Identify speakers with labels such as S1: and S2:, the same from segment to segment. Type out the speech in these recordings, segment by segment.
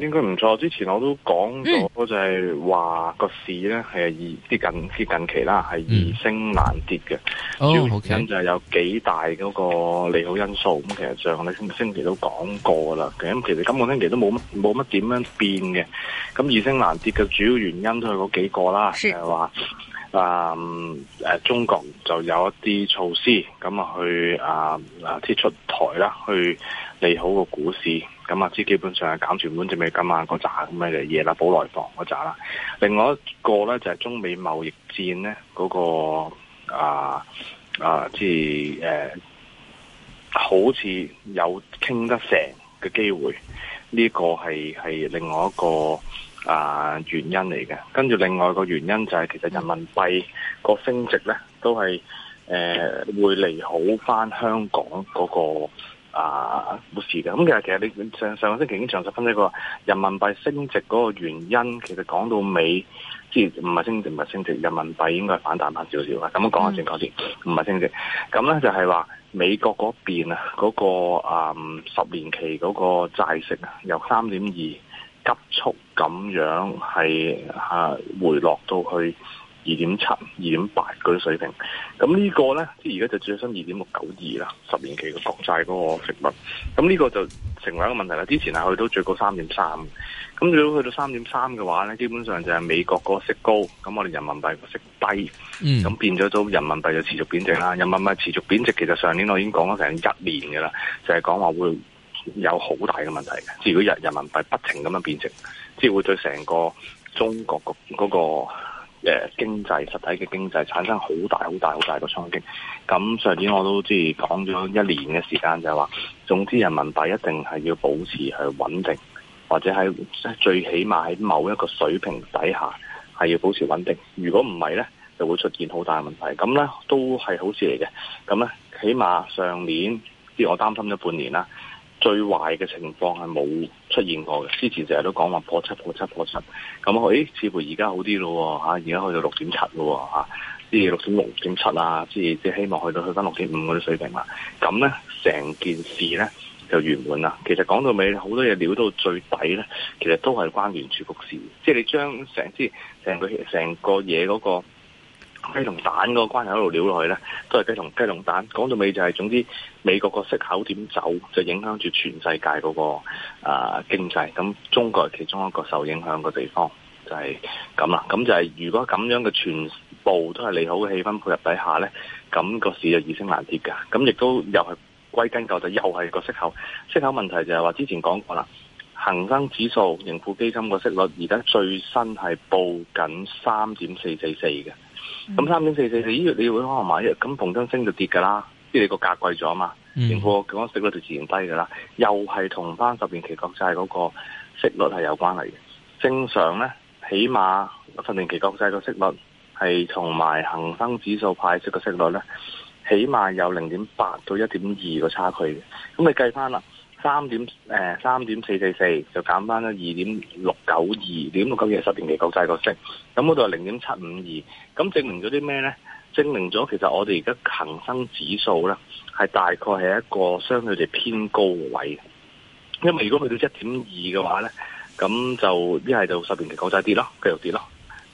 S1: 應該唔錯。之前
S2: 我都講咗，嗯、就係話個市咧係易，即近即近期啦，係易升難跌嘅。
S1: 哦、主要原因
S2: 就係有幾大嗰個利好因素。咁、哦 okay、其實上，你今個星期都講過啦。咁其實今個星期都冇乜冇乜點樣變嘅。咁易升難跌嘅主要原因都係嗰幾個啦，是就係話。Um，啊！誒，中國就有一啲措施咁啊，去啊啊啲出台啦，去利好個股市。咁啊，即基本上係減存款、啊，即係今日嗰扎咁樣嘅嘢啦，保內房嗰扎啦。另外一個咧，就係、是、中美貿易戰咧嗰、那個啊啊，即、啊、誒、啊、好似有傾得成嘅機會。呢、這個係係另外一個。啊，原因嚟嘅，跟住另外個原因就係其實人民幣個升值咧，都係誒、呃、會利好翻香港嗰、嗰個啊股市嘅。咁其實其實你上上個星期已經詳細分析過，人民幣升值嗰個原因，其實講到尾，即係唔係升值唔係升值，人民幣應該係反彈翻少少嘅。咁講下正，講先、嗯，唔係升值。咁咧就係話美國嗰邊啊、嗰個，嗰個啊十年期嗰個債息啊，由三點二，急速咁樣係吓回落到去二點七、二點八嗰啲水平，咁呢個呢，即係而家就最新二點六九二啦，十年期嘅國債嗰個息率。咁呢個就成為一個問題啦。之前係去到最高三點三，咁如果去到三點三嘅話呢，基本上就係美國個息高，咁我哋人民幣個息低，咁變咗咗人民幣就持續貶值啦。人民幣持續貶值，其實上年我已經講咗成一年噶啦，就係講話會有好大嘅問題嘅，如果人人民幣不停咁樣貶值，即係會對成個中國個嗰個誒經濟、實體嘅經濟產生好大，好大，好大、好大、好大嘅衝擊，咁上年我都即係講咗一年嘅時間，就係話，總之人民幣一定係要保持去穩定，或者係最起碼喺某一個水平底下係要保持穩定。如果唔係咧，就會出現好大嘅問題。咁咧都係好事嚟嘅。咁咧起碼上年，即係我擔心咗半年啦。最壞嘅情況係冇出現過嘅，之前成日都講話破七、破七、破七，咁誒、哎，似乎而家好啲咯，嚇，而家去到六點七咯，嚇，即係六點六、六點七啊，即係即係希望去到去返六點五嗰啲水平啦。咁咧，成件事咧就圓滿啦。其實講到尾好多嘢料到最底咧，其實都係關聯儲局事，即係你將成支成個成個嘢嗰個。雞同蛋嗰個關係喺度撩落去呢，都係雞同雞同蛋。講到尾就係、是、總之美國個息口點走，就影響住全世界嗰、那個啊、呃、經濟。咁中國係其中一個受影響嘅地方，就係咁啦。咁就係如果咁樣嘅全部都係利好嘅氣氛配合底下呢，咁、那個市就易升難跌㗎。咁亦都又係歸根究底又係個息口息口問題就，就係話之前講過啦，恒生指數盈富基金個息率而家最新係報緊三點四四四嘅。咁三點四四，你依、嗯、月你會可能買，咁逢真升就跌噶啦，即係個價格貴咗啊嘛，應付佢個息率就自然低噶啦，又係同翻十年期國債嗰個息率係有關係嘅。正常咧，起碼十年期國債個息率係同埋恒生指數派息個息率咧，起碼有零點八到一點二個差距嘅，咁你計翻啦。三點誒，三點四四四就減翻咗二點六九二，二點六九二係十年期國債個息。咁嗰度係零點七五二，咁證明咗啲咩呢？證明咗其實我哋而家恒生指數呢係大概係一個相對嚟偏高位，因為如果去到一點二嘅話呢，咁就一係就十年期國債跌咯，繼續跌咯，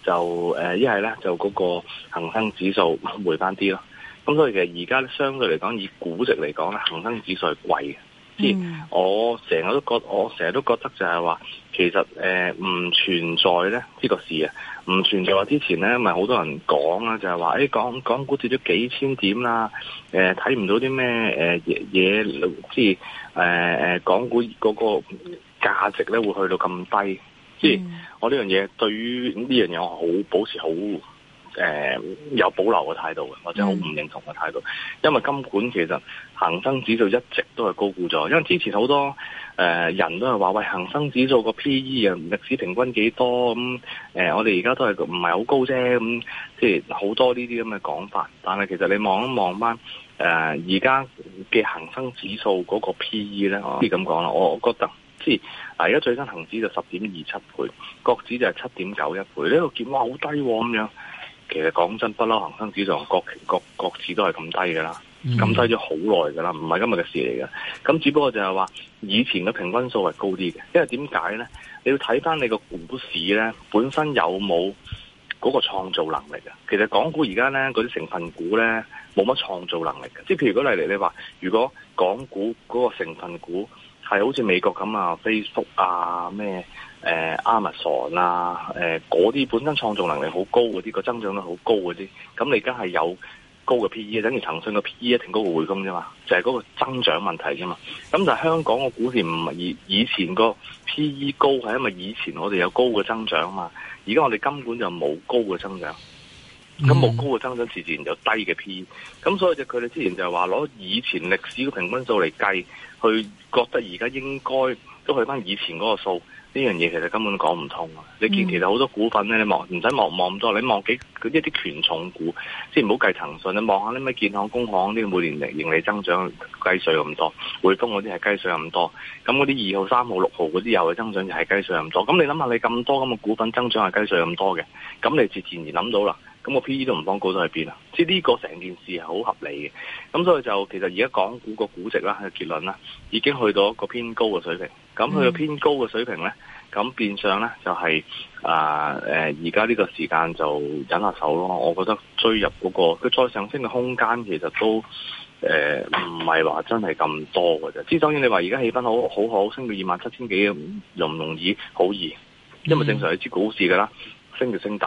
S2: 就誒一係呢，就嗰個恆生指數回翻啲咯。咁所以其實而家相對嚟講，以估值嚟講咧，恆生指數係貴嘅。嗯、我成日都覺，我成日都覺得就係話，其實誒唔、呃、存在咧呢、呢個事啊，唔存在話之前咧咪好多人講啊，就係話誒港港股跌咗幾千點啦，誒睇唔到啲咩誒嘢，即係誒誒港股嗰個價值咧會去到咁低，即係、嗯、我呢樣嘢對於呢樣嘢我好保持好。誒、呃，有保留嘅態度嘅，或者好唔認同嘅態度，嗯、因為金管其實，恒生指數一直都係高估咗，因為之前好多誒、呃、人都係話喂，恒生指數個 P E 啊，歷史平均幾多咁？誒、嗯呃，我哋而家都係唔係好高啫？咁即係好多呢啲咁嘅講法。但係其實你望一望翻，誒而家嘅恒生指數嗰個 P E 咧，可以咁講啦，我覺得即係啊，而家最新恒指就十點二七倍，國指就係七點九一倍，呢都見哇好低咁、啊、樣。其實講真，不嬲恒生指上各權、各國指都係咁低嘅啦，咁低咗好耐嘅啦，唔係今日嘅事嚟嘅。咁只不過就係話以前嘅平均數係高啲嘅，因為點解咧？你要睇翻你個股市咧本身有冇嗰個創造能力啊？其實港股而家咧嗰啲成分股咧冇乜創造能力嘅，即係譬如舉例如你話，如果港股嗰個成分股。係好似美國咁啊，Facebook 啊，咩、呃、Amazon 啊，嗰、呃、啲本身創造能力好高嗰啲，個增長率好高嗰啲，咁你而家係有高嘅 P E，啊、等於騰訊嘅 P E 一定高過匯豐啫嘛，就係、是、嗰個增長問題啫嘛。咁但係香港個股市唔係以以前個 P E 高係因為以前我哋有高嘅增長啊嘛，而家我哋根本就冇高嘅增長，咁冇高嘅增長自然就低嘅 P E。咁所以就佢哋之前就係話攞以前歷史嘅平均數嚟計。去覺得而家應該都去翻以前嗰個數，呢樣嘢其實根本講唔通啊！你見其實好多股份咧，你望唔使望望咁多，你望幾一啲權重股，即係唔好計騰訊，你望下啲咩建行、工行呢個每年盈盈利增長雞碎咁多，匯豐嗰啲係雞碎咁多，咁嗰啲二號、三號、六號嗰啲又係增長又係雞碎咁多，咁你諗下你咁多咁嘅股份增長係雞碎咁多嘅，咁你自然而諗到啦。咁個 P/E 都唔幫高都去邊啊？即、這、呢個成件事係好合理嘅。咁所以就其實而家港股個估值啦、結論啦，已經去到一個偏高嘅水平。咁佢個偏高嘅水平咧，咁變相咧就係啊誒，而家呢個時間就忍下手咯。我覺得追入嗰、那個佢再上升嘅空間其實都誒唔係話真係咁多嘅啫。即係當然你話而家氣氛好好好，升到二萬七千幾容唔容，容易好易，因為正常你知股市㗎啦，升就升突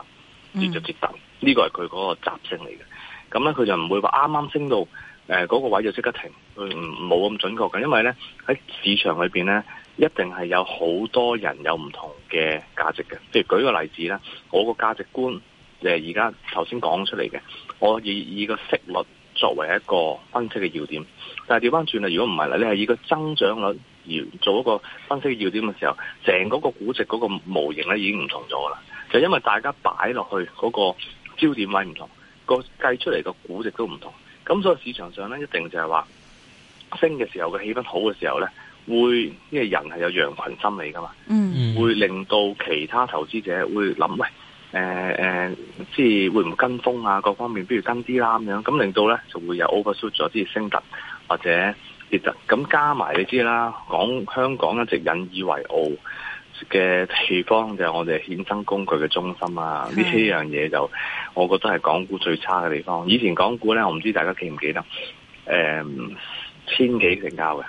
S2: 跌就跌突。呢個係佢嗰個習性嚟嘅，咁咧佢就唔會話啱啱升到誒嗰個位就即刻停，佢唔冇咁準確嘅，因為咧喺市場裏邊咧，一定係有好多人有唔同嘅價值嘅。譬如舉個例子啦，我個價值觀誒而家頭先講出嚟嘅，我以以個息率作為一個分析嘅要點，但係調返轉嚟，如果唔係啦，你係以個增長率而做一個分析嘅要點嘅時候，成嗰個估值嗰個模型咧已經唔同咗啦，就因為大家擺落去嗰個。焦點位唔同，個計出嚟個估值都唔同，咁所以市場上咧一定就係話升嘅時候個氣氛好嘅時候咧，會因為人係有羊群心理噶嘛，嗯，會令到其他投資者會諗，喂、呃，誒、呃、誒，即係會唔會跟風啊？各方面不如跟啲啦咁樣，咁令到咧就會有 overshoot 咗啲升突或者跌突，咁加埋你知啦，講香港一直引以為傲，嘅地方就係我哋衍生工具嘅中心啊，呢幾樣嘢就我覺得係港股最差嘅地方。以前港股咧，我唔知大家記唔記得，誒、嗯、千幾成交嘅，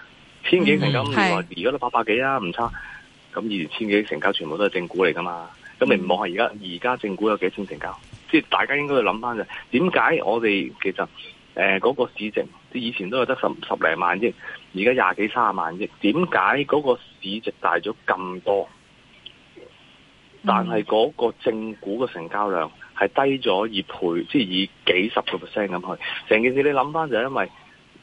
S2: 千幾成交，原來而家都八百幾啊，唔差。咁以前千幾成交全部都係正股嚟噶嘛？咁你望下而家，而家正股有幾千成交？即係大家應該去諗翻就，點解我哋其實誒嗰、呃那個市值，以前都有得十十零萬億，而家廿幾卅萬億，點解嗰個市值大咗咁多？但係嗰個正股嘅成交量係低咗二倍，即係以幾十個 percent 咁去。成件事你諗翻就係因為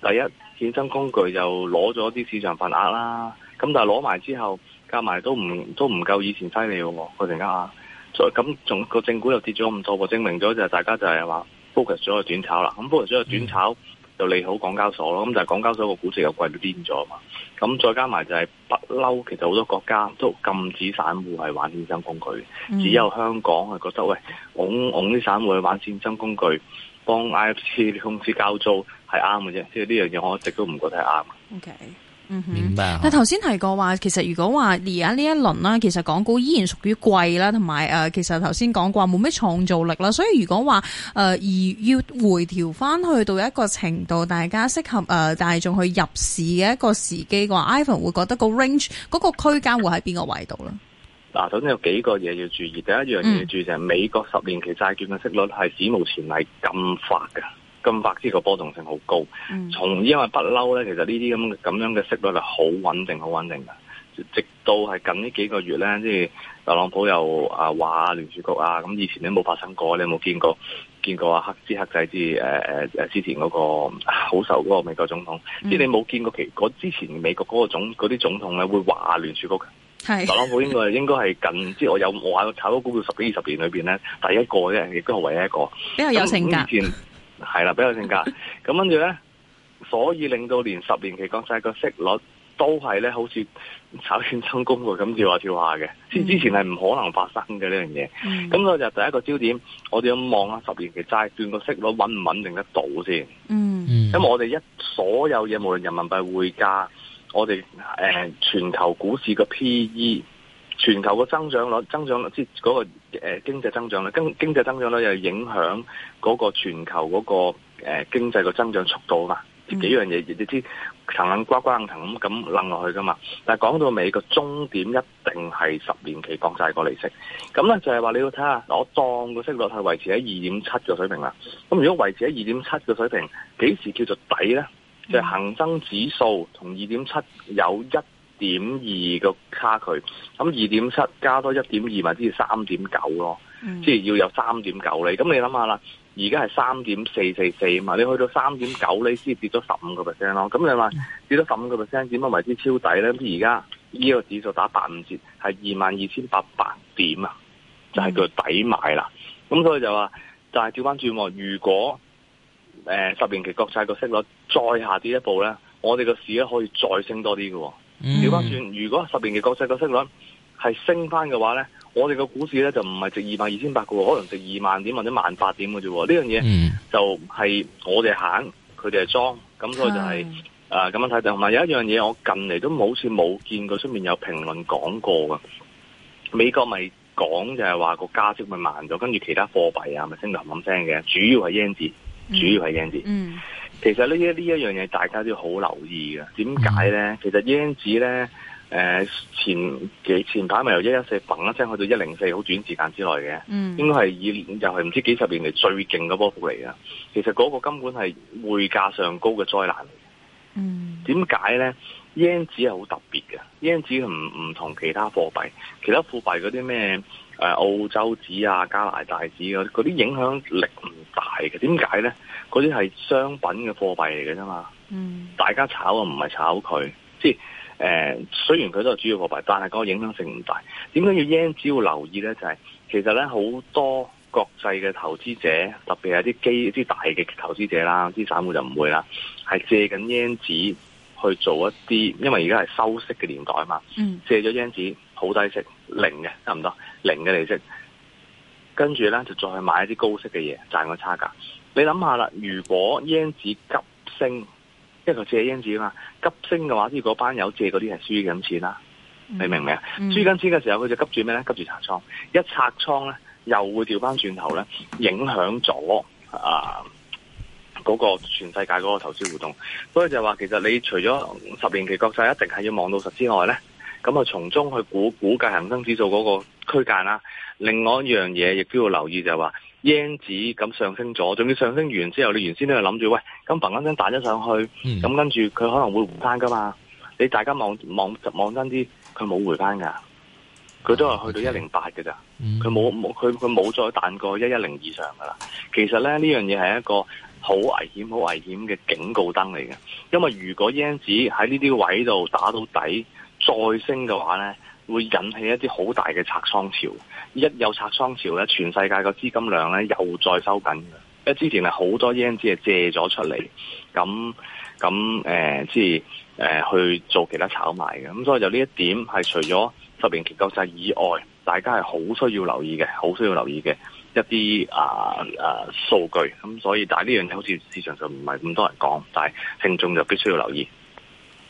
S2: 第一，衍生工具又攞咗啲市場份額啦。咁但係攞埋之後，夾埋都唔都唔夠以前犀利喎。嗰陣間啊，咁仲個正股又跌咗咁多，我證明咗就係大家就係話 focus 咗去短炒啦。咁 focus 咗去短炒。就利好港交所咯，咁但係港交所個估值又貴到癲咗啊嘛，咁再加埋就係不嬲，其實好多國家都禁止散戶係玩戰爭工具，只、嗯、有香港係覺得喂，㧬㧬啲散戶去玩戰爭工具，幫 I F C 啲公司交租係啱嘅啫，即係呢樣嘢我一直都唔覺得係啱嘅。
S3: Okay. 明、嗯、但係頭先提過話，其實如果話而家呢一輪啦，其實港股依然屬於貴啦，同埋誒，其實頭先講過話冇咩創造力啦。所以如果話誒而要回調翻去到一個程度，大家適合誒大眾去入市嘅一個時機嘅話，Ivan 會覺得個 range 嗰個區間會喺邊個位度呢？
S2: 嗱、啊，首先有幾個嘢要注意，第一樣嘢要注意就係美國十年期債券嘅息率係史無前例咁低㗎。金發之個波動性好高，嗯、從因為不嬲呢，其實呢啲咁樣嘅息率係好穩定、好穩定㗎。直到係近呢幾個月呢，即係特朗普又啊話聯儲局啊，咁、啊、以前你冇發生過，你有冇見過見過黑枝黑枝啊黑之黑仔之誒之前嗰、嗰個好受嗰個美國總統，嗯、即係你冇見過其嗰之前美國嗰個總嗰啲總統咧會話聯儲局是特朗普應該係應該近 即係我有我炒嗰股票十幾二十年裏面呢，第一個嘅，亦都係唯一一個
S3: 比較有性格。
S2: 係啦， 比較性格咁跟住咧，所以令到連十年期國債個息率都係咧，好似炒欠成功嘅咁跳下跳下嘅。之之前係唔可能發生嘅呢樣嘢。咁我、mm. 就第一個焦點，我哋要望下十年期債券個息率穩唔穩定得到先。嗯
S1: ，mm. 因
S2: 為我哋一所有嘢，無論人民幣匯價，我哋誒、呃、全球股市個 P E、全球個增長率、增長率即嗰、那個誒、呃、經濟增長率經，經濟增長率又影響嗰個全球嗰、那個誒、呃、經濟個增長速度啊嘛，幾樣嘢亦都知層層呱瓜咁咁撚落去噶嘛。但係講到尾，個終點一定係十年期降晒個利息。咁咧就係話你要睇下，我當個息率係維持喺二點七個水平啦。咁如果維持喺二點七個水平，幾時叫做底咧？嗯、就係恒生指數同二點七有一點二個差距，咁二點七加多一點二，咪即係三點九咯，即係、嗯、要有三點九厘，咁你諗下啦，而家係三點四四四嘛，你去到三點九厘先跌咗十五個 percent 咯。咁你話跌咗十五個 percent，點解為之超底咧？而家呢個指數打八五折，係二萬二千八百點啊，就係叫抵買啦。咁、嗯、所以就話，就係調翻轉喎，如果誒、呃、十年期國債個息率再下跌一步咧，我哋個市咧可以再升多啲嘅。調翻轉，mm hmm. 如果十年期嘅國債嘅息率係升翻嘅話咧，我哋嘅股市咧就唔係值二萬二千八嘅，可能值二萬點或者萬八點嘅啫。呢樣嘢就係我哋行，佢哋係裝，咁所以就係誒咁樣睇。同埋有一樣嘢，我近嚟都好似冇見過出面有評論講過嘅。美國咪講就係話個加息咪慢咗，跟住其他貨幣啊咪升到冚冚聲嘅，主要係英字，主要係英 e n 字。Mm hmm. 其實呢一呢一樣嘢，大家都好留意嘅。點解咧？其實日紙咧，誒、呃，前幾前排咪由一一四嘣一聲去到一零四，好短時間之內嘅，嗯、應該係以年，又係唔知幾十年嚟最勁嘅波幅嚟㗎。其實嗰個根本係匯價上高嘅災難嚟。嗯，點解咧？日紙係好特別嘅，日紙唔唔同其他貨幣，其他貨幣嗰啲咩？誒，澳洲紙啊，加拿大紙嗰、啊、啲影響力唔大嘅，點解咧？嗰啲係商品嘅貨幣嚟嘅啫嘛。嗯。大家炒啊，唔係炒佢，即係誒。雖然佢都係主要貨幣，但係個影響性唔大。點解要 yen 紙要留意咧？就係、是、其實咧好多國際嘅投資者，特別係啲機啲大嘅投資者啦，啲散戶就唔會啦，係借緊 yen 紙去做一啲，因為而家係收息嘅年代啊嘛。嗯。借咗 yen 紙。好低息，零嘅差唔多，零嘅利息，跟住咧就再去買一啲高息嘅嘢，賺個差價。你諗下啦，如果英治急升，因為佢借英治啊嘛，急升嘅話，啲嗰班友借嗰啲係輸緊錢啦。嗯、你明唔明啊？輸緊、嗯、錢嘅時候，佢就急住咩咧？急住拆倉，一拆倉咧，又會掉翻轉頭咧，影響咗啊嗰、那個全世界嗰個投資活動。所以就話，其實你除咗十年期國債一定係要望到實之外咧。咁啊，從中去估估計恒生指數嗰個區間啦。另外一樣嘢亦都要留意，就係話英 e 咁上升咗，仲要上升完之後，你原先都係諗住，喂，咁嘭嘭聲彈咗上去，咁、嗯、跟住佢可能會回翻噶嘛？你大家望望望真啲，佢冇回翻噶，佢都係去到一零八噶咋，佢冇冇佢佢冇再彈過一一零以上噶啦。其實咧，呢樣嘢係一個好危險、好危險嘅警告燈嚟嘅，因為如果英子喺呢啲位度打到底，再升嘅話呢，會引起一啲好大嘅拆倉潮。一有拆倉潮呢，全世界個資金量呢又再收緊。之前係好多 yen 資係借咗出嚟，咁咁誒，即係、呃、去做其他炒賣嘅。咁所以就呢一點係除咗十年結構債以外，大家係好需要留意嘅，好需要留意嘅一啲啊啊數據。咁所以，但係呢樣嘢好似市場上唔係咁多人講，但係聽眾就必須要留意。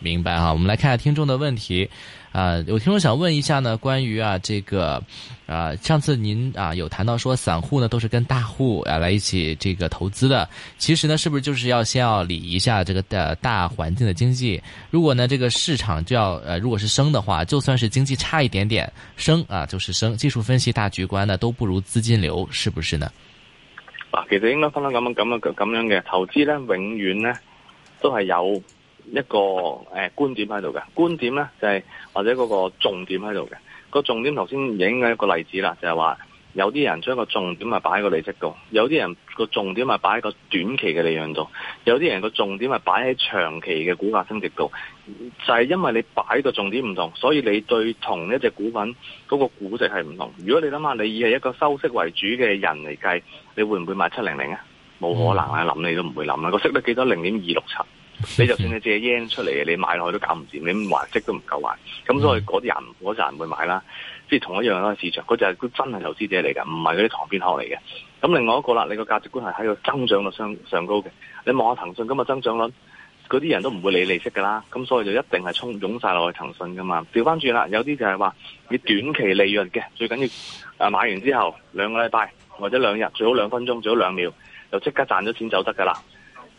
S1: 明白哈，我們來看下聽眾的問題。啊、呃，有聽眾想問一下呢，關於啊這個，啊、呃、上次您啊有談到說散戶呢都是跟大戶啊來一起這個投資的，其實呢是不是就是要先要理一下這個的大環境的經濟？如果呢這個市場就要呃如果是升的話，就算是經濟差一點點升啊就是升，技術分析大局觀呢都不如資金流，是不是呢？
S2: 嗱，其實應該分分咁樣咁樣咁樣嘅投資呢，永遠呢都係有。一個誒、呃、觀點喺度嘅觀點咧，就係、是、或者嗰個重點喺度嘅個重點。頭先影嘅一個例子啦，就係、是、話有啲人將個重點係擺喺個利息度，有啲人個重點係擺喺個短期嘅利潤度，有啲人個重點係擺喺長期嘅股價升值度。就
S3: 係、
S2: 是、因為你擺個重點唔同，所以你對同一隻股份嗰個估值係唔同。如果你諗下你以係一個收息為主嘅人嚟計，你會唔會買七零零啊？冇可能啊！諗、嗯、你都唔會諗啦。個息得幾多零點二六七？ 你就算你借 yen 出嚟，你買落去都搞唔掂，你還息都唔夠還。咁所以嗰啲人嗰陣會買啦，即係同一樣啦，市場嗰隻真係投資者嚟嘅，唔係嗰啲塘邊鶴嚟嘅。咁另外一個啦，你個價值觀係喺個增長率上上高嘅。你望下騰訊今日增長率，嗰啲人都唔會理利息㗎啦。咁所以就一定係沖湧晒落去騰訊㗎嘛。調返轉啦，有啲就係話你短期利潤嘅，最緊要啊買完之後兩個禮拜或者兩日，最好兩分鐘，最好兩秒就即刻賺咗錢就得㗎啦。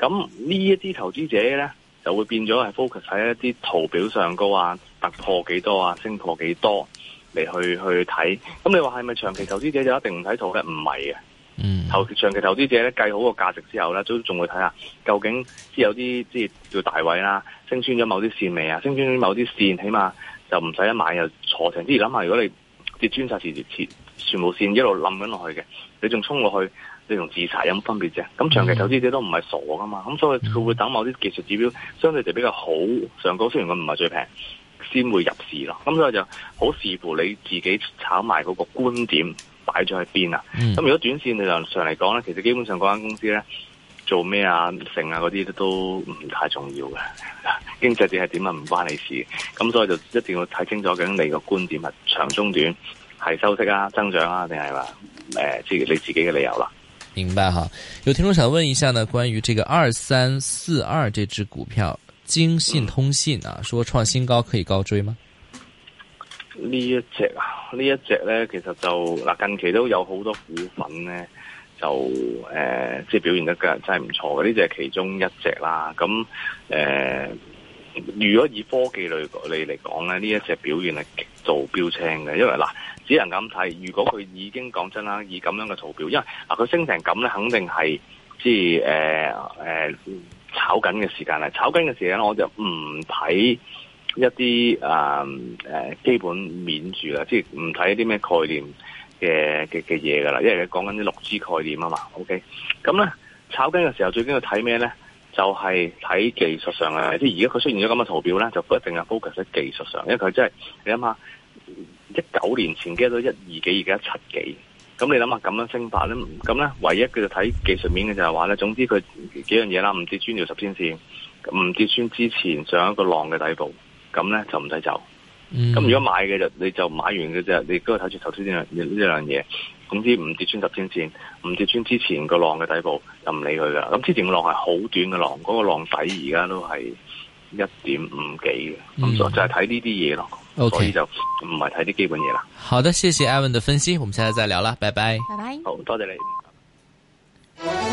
S2: 咁呢一啲投資者咧，就會變咗係 focus 喺一啲圖表上高啊，突破幾多啊，升破幾多嚟去去睇。咁你話係咪長期投資者就一定唔睇圖嘅？唔係嘅。嗯，投長期投資者咧，計好個價值之後咧，都仲會睇下究竟即有啲即係叫大位啦，升穿咗某啲線未啊？升穿某啲線，起碼就唔使一買又坐艇，即係諗下，如果你跌穿曬時全部線一路冧緊落去嘅，你仲衝落去？你同自查有乜分別啫？咁長期投資者都唔係傻噶嘛，咁所以佢會等某啲技術指標相對就比較好，上高雖然佢唔係最平，先會入市咯。咁所以就好視乎你自己炒埋嗰個觀點擺咗喺邊啊。咁如果短線理論上嚟講咧，其實基本上嗰間公司咧做咩啊、成啊嗰啲、啊、都唔太重要嘅， 經濟點係點啊唔關你事。咁所以就一定要睇清楚究竟你個觀點係長中短係收息啊、增長啊定係話誒即係你自己嘅理由啦、啊。
S1: 明白哈，有聽眾想問一下呢，關於這個二三四二這隻股票，京信通信啊，說創新高可以高追嗎？
S2: 呢一隻啊，呢一隻呢其實就嗱近期都有好多股份呢，就、呃、誒即係表現得真係唔錯嘅，呢隻係其中一隻啦，咁、嗯、誒。呃如果以科技類嚟嚟講咧，呢這一隻表現係極度標青嘅，因為嗱，只能咁睇。如果佢已經講真啦，以咁樣嘅圖表，因為啊，佢升成咁咧，肯定係即係誒誒炒緊嘅時間嚟。炒緊嘅時間，炒緊的時間我就唔睇一啲啊誒基本面住啦，即係唔睇一啲咩概念嘅嘅嘅嘢噶啦，因為佢講緊啲六支概念啊嘛。OK，咁咧炒緊嘅時候最緊要睇咩咧？就係睇技術上啊，即係而家佢出現咗咁嘅圖表咧，就一定係 focus 喺技術上，因為佢真係你諗下，一九年前幾多，一二幾，而家一七幾，咁你諗下咁樣升法咧，咁咧唯一佢就睇技術面嘅就係話咧，總之佢幾樣嘢啦，唔跌穿六十天線，唔跌穿之前上一個浪嘅底部，咁咧就唔使走。咁、嗯、如果買嘅就你就買完嘅就你都係睇住頭先呢樣呢樣嘢。總之五折穿十天線，五折穿之前個浪嘅底部就唔理佢啦。咁之前個浪係好短嘅浪，嗰個浪底而家都係一點五幾嘅。咁就就係睇呢啲嘢咯。所以就唔係睇啲基本嘢啦。
S1: 好的，謝謝艾文嘅分析，我們下次再聊啦，拜拜。拜拜。
S2: 好，多謝你。